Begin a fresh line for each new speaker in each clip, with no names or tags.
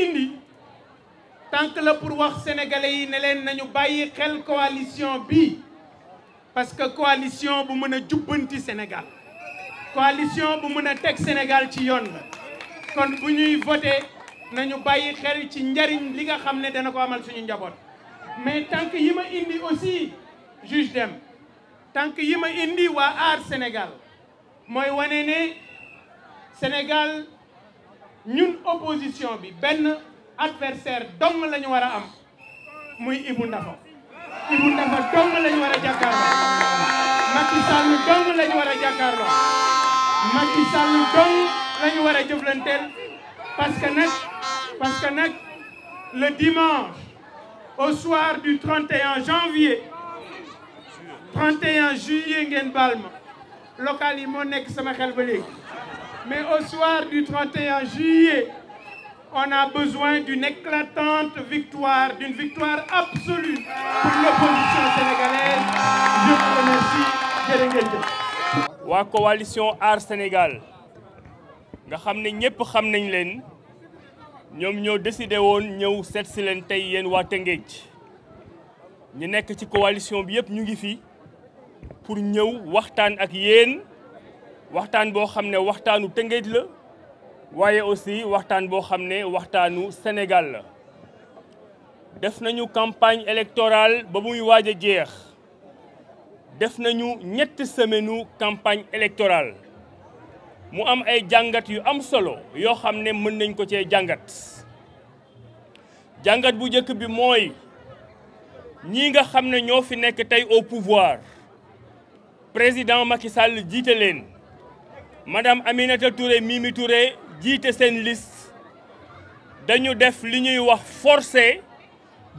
indi tànk la pour wax sénégalais yi ne leen nañu bàyyi xel coalition bi parce que coalition bu mën a jubbanti Sénégal coalition bu mën a teg Sénégal ci yoon la kon bu ñuy voté nañu bàyyi xel ci njariñ li nga xam ne dana ko amal suñu njaboot mais tànk yi ma indi aussi juge dem yi ma indi waa aar Sénégal mooy wane ne Sénégal ñun opposition bi benn adversaire dong lañu ñu war a am muy Ibou Ndafa Ibou Ndafa dong la ñu war a jàkkaarloo Macky Sall dong la ñu war a jàkkaarloo Macky Sall dong la ñu war a jëflanteel parce que nag parce que le dimanche au soir du janvier juillet ngeen baal ma local yi moo nekk sama xel ba léegi Mais au soir du 31 juillet, on a besoin d'une éclatante victoire, d'une victoire absolue pour l'opposition sénégalaise. Je vous
remercie. jërë ngeen waa coalition Aar Sénégal nga xam ne ñëpp xam nañ leen ñoom ñoo décidé woon ñëw setsi leen tey yéen waa Tëngéej ñu nekk ci coalition bi yëpp ñu ngi fi pour ñëw waxtaan ak yéen. waxtaan boo xam ne waxtaanu Tëngéej la waaye aussi waxtaan boo xam ne waxtaanu Sénégal la def nañu campagne électorale ba muy waaj a jeex def nañu ñett semaine campagne électorale mu am ay jàngat yu am solo yoo xam ne mën nañ ko cee jàngat jàngat bu njëkk bi mooy ñii nga xam ne ñoo fi nekk tey au pouvoir président Macky Sall jiite leen madame Aminata Touré Mimi Touré jiite seen liste dañu def li ñuy wax forcé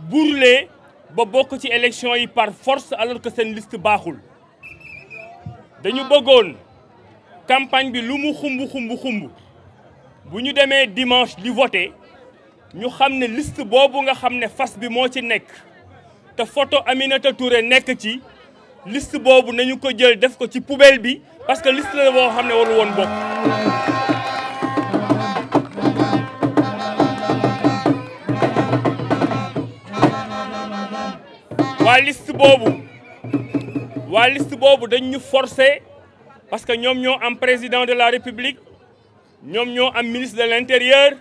burlé ba bokk ci élection yi par force alors que seen liste baaxul dañu bëggoon campagne bi lu mu xumb xumb xumb bu ñu demee dimanche di voté ñu xam ne liste boobu nga xam ne fas bi moo ci nekk te photo Aminata Touré nekk ci list boobu nañu ko jël def ko ci poubelle bi parce que liste la boo xam ne warul woon bokk waa liste boobu waa liste boobu dañ ñu forcé parce que ñoom ñoo am président de la république ñoom ñoo am ministre de l'intérieur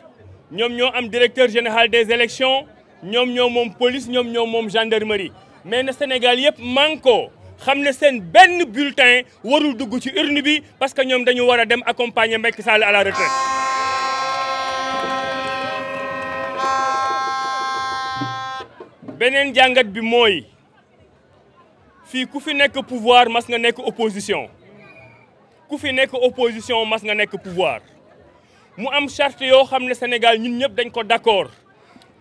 ñoom ñoo am directeur général des élections ñoom ñoo moom police ñoom ñoo moom gendarmerie mais na Sénégal yëpp manko xam ne seen benn bulletin warul dugg ci urne bi parce que ñoom dañu war a dem accompagner Macky Sall à la beneen jàngat bi mooy fii ku fi nekk pouvoir mas nga nekk opposition ku fi nekk opposition mas nga nekk pouvoir mu am charte yoo xam ne Sénégal ñun ñëpp dañ ko d'accord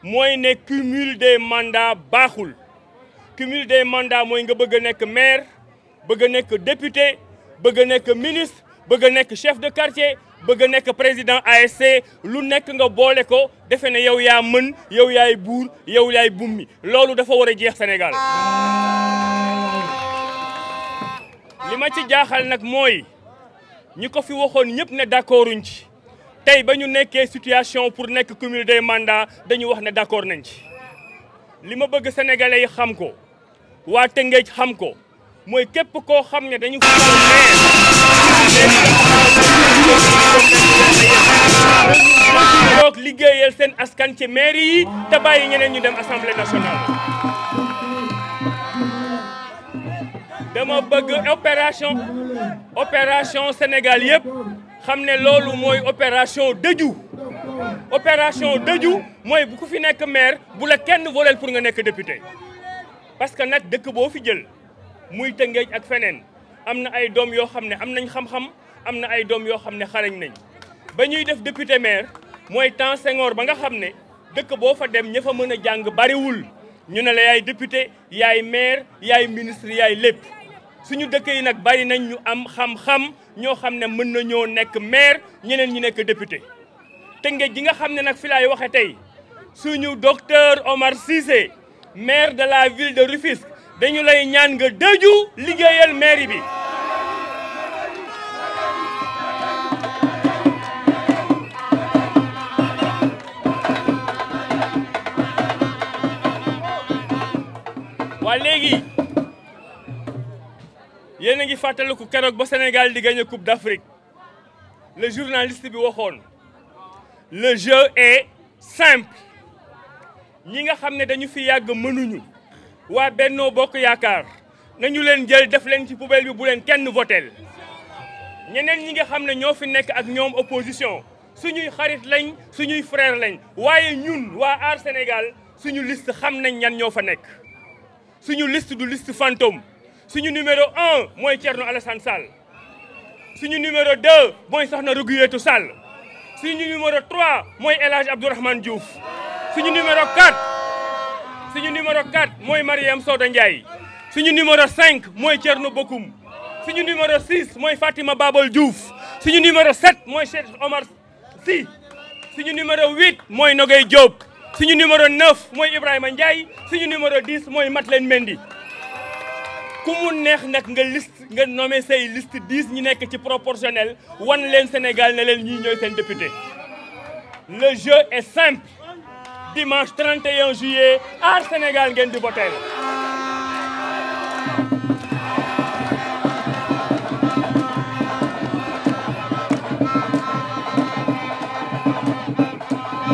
mooy ne cumul des mandats baaxul. cumul des mandats mooy nga bëgg nekk maire bëgg a nekk député bëgg nekk ministre bëgg a nekk chef de quartier bëgg nekk président ASC lu nekk nga boole ko defe ne yow yaa mën yow yaay buur yow yaay bummi loolu dafa war a jeex senegal li ma ci jaaxal nag mooy ñi ko fi waxoon ñëpp ne d'accorduñ ci tey ba ñu nekkee situation pour nekk cumul des mandats dañu wax ne d'accord nañ ci li ma bëgg sénégalais yi xam ko waa Tëngéej xam ko mooy képp koo xam ne dañu ko maire toog liggéeyal seen askan ci maire yi te bàyyi ñeneen ñu dem assemblée nationale dama bëgg opération opération Sénégal yëpp xam ne loolu mooy opération dëju opération dëju mooy bu ku fi nekk maire bu la kenn voleel pour nga nekk député parce que nag dëkk boo fi jël muy Tëngéej ak feneen am na ay doom yoo xam ne am nañ xam-xam am na ay doom yoo xam ne xarañ nañ ba ñuy def député maire mooy temps Senghor ba nga xam ne dëkk boo fa dem ña fa mën a jàng bariwul ñu ne la yaay député yaay maire yaay ministre yaay lépp suñu dëkk yi nag bari nañ ñu am xam-xam ñoo xam ne mën na nañoo nekk maire ñeneen ñu nekk député Tëngéej gi nga xam ne nag fi laay waxe tey suñu docteur Omar Cissé maire de la ville de Rufisque dañu lay ñaan nga dëju liggéeyal mairie bi waa léegi yéen fàttaliku keroog ba senegal di gagné d'Afrique le journaliste bi waxoon le jeu est simple ñi nga xam ne dañu fi yàgg mënuñu waa Bennoo Bokk Yaakaar nañu leen jël def leen ci poubelle bi bu leen kenn voteel ñeneen ñi nga xam ne ñoo fi nekk ak ñoom opposition suñuy xarit lañ suñuy frère lañ waaye ñun waa Aar Sénégal suñu list xam nañ ñan ñoo fa nekk suñu liste du liste fantôme suñu numéro un mooy Thierno Alassane Sall suñu numéro deux mooy Soxna Roguyetu Sall suñu numéro trois mooy El Hadj Abdourahmane Diouf suñu numéro 4 suñu numéro 4 mooy Mariam Soda Ndiaye suñu numéro cinq mooy Thierno Bokoum suñu numéro 6 mooy Fatima babal Diouf suñu numéro 7 mooy Cheikh Omar Sy suñu numéro 8 mooy Nogay Diop suñu numéro 9 mooy Ibrahima Ndiaye suñu numéro 10 mooy Madeleine Mendy ku mu neex nag nga liste nga nommé say liste ñi nekk ci proportionnel wan leen Sénégal ne leen ñii ñooy seen député le jeu est simple dimanche 31 juillet aar Sénégal ngeen di voté.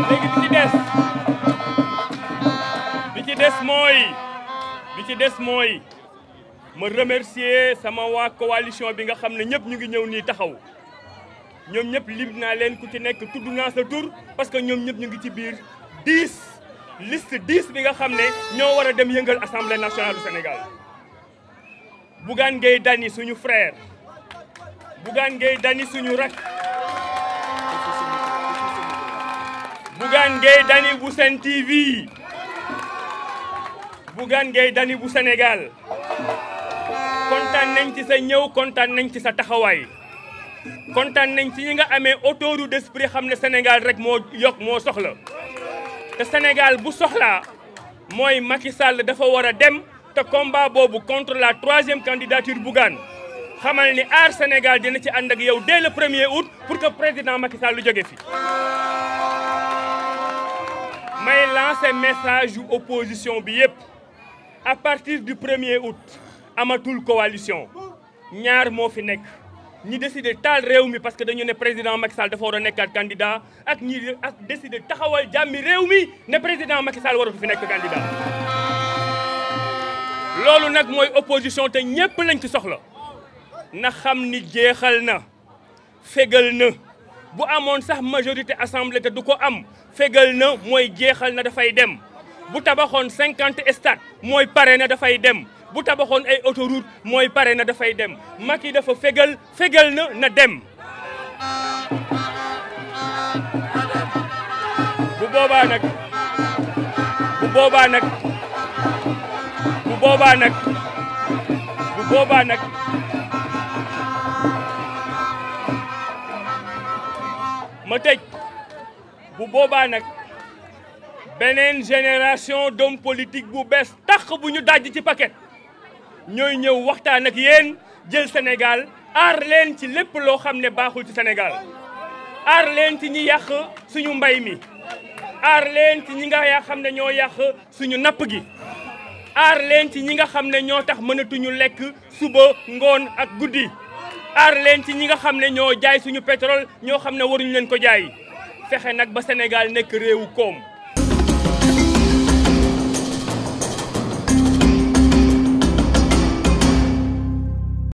léegi bi ci des bi ci des mooy bi ci des mooy ma remercier sama waa coalition bi nga xam ne ñëpp ñu ngi ñëw nii taxaw ñoom ñëpp lim naa leen ku ci nekk tudd naa sa tur parce que ñoom ñëpp ñu ngi ci biir. dix list dix bi nga xam ne ñoo war a dem yëngal assemblée nationale du Sénégal Bougane Gueye Dany suñu frère Bougane Gueye Dany suñu rak Bougane Gueye Dany bu Sen TV Bougane Gueye Dany bu Sénégal kontaan nañ ci sa ñëw kontaan nañ ci sa taxawaay kontaan nañ ci ñi nga amee autour d'esprit xam ne Sénégal rek moo yokk moo soxla te Sénégal bu soxlaa mooy Macky Sall dafa war a dem te combat boobu contre la troisième candidature Bougane xamal ni aar Sénégal dina ci ànd ak yow dès premier août pour que président Macky Sall lu jóge fi may lancer message yu opposition bi yépp à partir du premier août amatul coalition ñaar moo fi nekk ñi décidé taal réew mi parce que dañu ne président Macky Sall dafa war a nekkaat candidat ak ñi ak décidé taxawal jàmmi réew mi ne président Macky Sall waratu fi nekk candidat loolu nag mooy opposition te ñépp lañ ci soxla na xam ni jeexal na fégal na bu amoon sax majorité assemblée te du ko am fégal na mooy jeexal na dafay dem bu tabaxoon cinquante stades mooy pare na dafay dem bu tabaxoon ay autoroute mooy pare na dafay dem Macky dafa fégal fégal na na dem bu boobaa nag bu boobaa nag bu boobaa nag ma tëj bu boobaa nag beneen génération d'hommes politiques bu bees tax bu ñu daj ci paket ñooy ñëw waxtaan ak yéen jël Sénégal aar leen ci lépp loo xam ne baaxul ci senegal aar leen ci ñi yàq suñu mbay mi aar leen ci ñi nga yaa xam ne ñoo yàq suñu napp gi aar leen ci ñi nga xam ne ñoo tax mënatuñu lekk suba ngoon ak guddi aar leen ci ñi nga xam ne ñoo jaay suñu pétrole ñoo xam ne waruñu leen ko jaay fexe nag ba Sénégal nekk réewu koom